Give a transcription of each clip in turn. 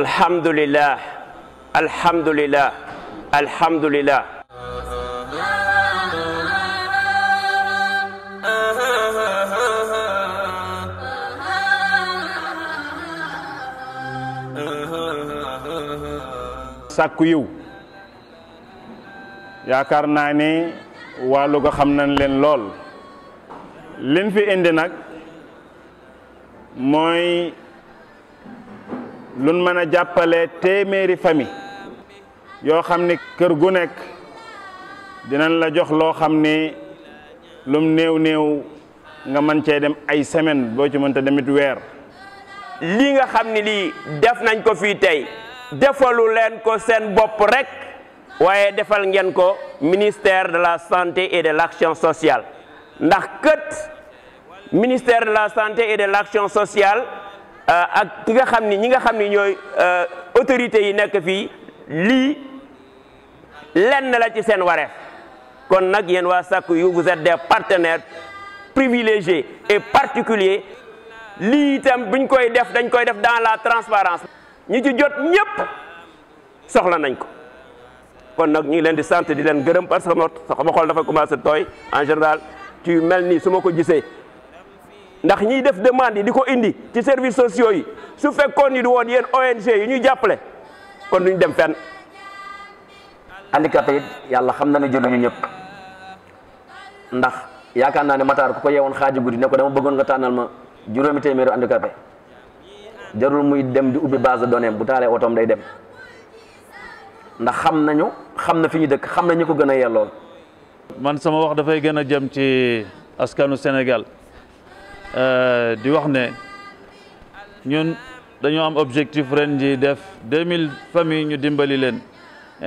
الحمد لله الحمد لله الحمد لله ساكيو يا yaakaar waa Louga xam nañ leen lool liñ fi indi nag mooy luñ mën a jàppale téeméeri famille yoo xam ni kër gu nekk dinañ la jox loo xam ni lum néew néew nga mën cee dem ay semaine boo ci mënta demit weer lii nga xam ni lii def nañ ko fii tey defalu leen ko seen bopp rek waaye defal ngeen ko ministère de la santé et de l'action sociale ndax le ministère de la santé et de l'action sociale euh, ak ki les euh, autorités yi sont fii la ci kon vous êtes des partenaires privilégiés et particuliers Li itam buñ koy def dans la transparence Nous ci jot ñépp soxla kon nag ñu ngi leen di sant di leen gërëm parce que sama xol dafa se toy en général tu melni nii ko ndax ñi def demande yi di ko indi ci services sociaux yi su nous ni du won yeen ONG yi ñu jàppale kon duñ dem fenn. handicapé yalla xam na ne jëluñu ñëpp ndax yaakaar Matar ko yewon gudi ne ko dama bëggon nga tanal ma handicapé jarul muy dem di ubi base donné bu talé autom day dem ndax xam nañu. xam na fi ñu dëkk xam na ñu ko gën a yellool. man sama wax dafay gën a jëm ci askanu Sénégal euh, di wax ne ñun dañoo am objectif ren ji def deux mille familles ñu dimbali leen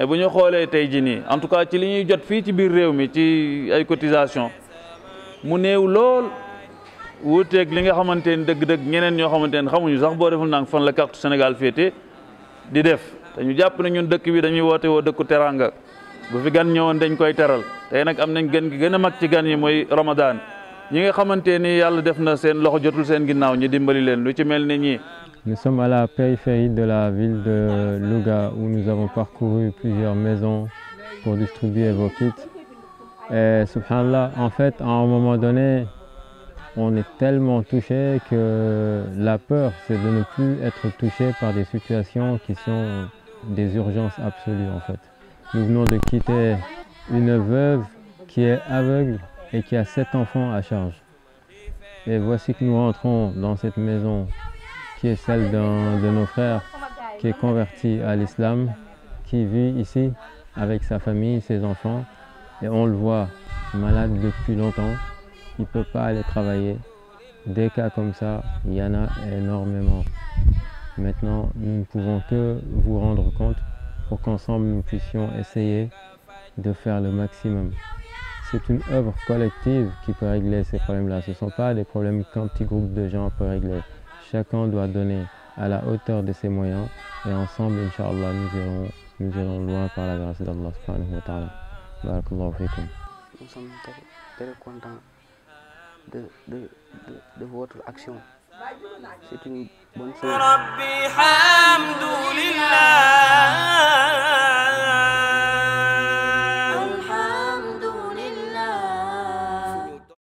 bu ñu xoolee tey ji nii en tout cas ci li ñuy jot fii ci biir réew mi ci ay cotisation mu néew lool wuuteeg li nga xamante ni dëgg-dëgg ñeneen ñoo xamante ni xamuñu sax boo deful nang fan la carte Sénégal féete di def dañu japp ne ñun dëkk bi dañuy woté wo dëkku teranga bu fi gan ñëwoon dañ koy téral tey nak am nañ gën gi gëna mag ci gan yi moy Ramadan ñi nga xamanté ni yalla def na seen loxo jotul seen ginnaw ñi dimbali leen lu ci melni ni Nous sommes à la périphérie de la ville de Louga où nous avons parcouru plusieurs maisons pour distribuer vos kits. Et subhanallah, en fait, à un moment donné, on est tellement touché que la peur, c'est de ne plus être touché par des situations qui sont des urgences absolues en fait. Nous venons de quitter une veuve qui est aveugle et qui a sept enfants à charge. Et voici que nous rentrons dans cette maison qui est celle d'un de nos frères qui est converti à l'islam, qui vit ici avec sa famille, ses enfants. Et on le voit malade depuis longtemps, il ne peut pas aller travailler. Des cas comme ça, il y en a énormément. Maintenant, nous ne pouvons que vous rendre compte pour qu'ensemble nous puissions essayer de faire le maximum. C'est une œuvre collective qui peut régler ces problèmes-là. Ce ne sont pas des problèmes qu'un petit groupe de gens peut régler. Chacun doit donner à la hauteur de ses moyens et ensemble, Inch'Allah, nous irons, loin par la grâce d'Allah subhanahu wa ta'ala. Nous sommes très, contents de votre action. C'est une bonne chose.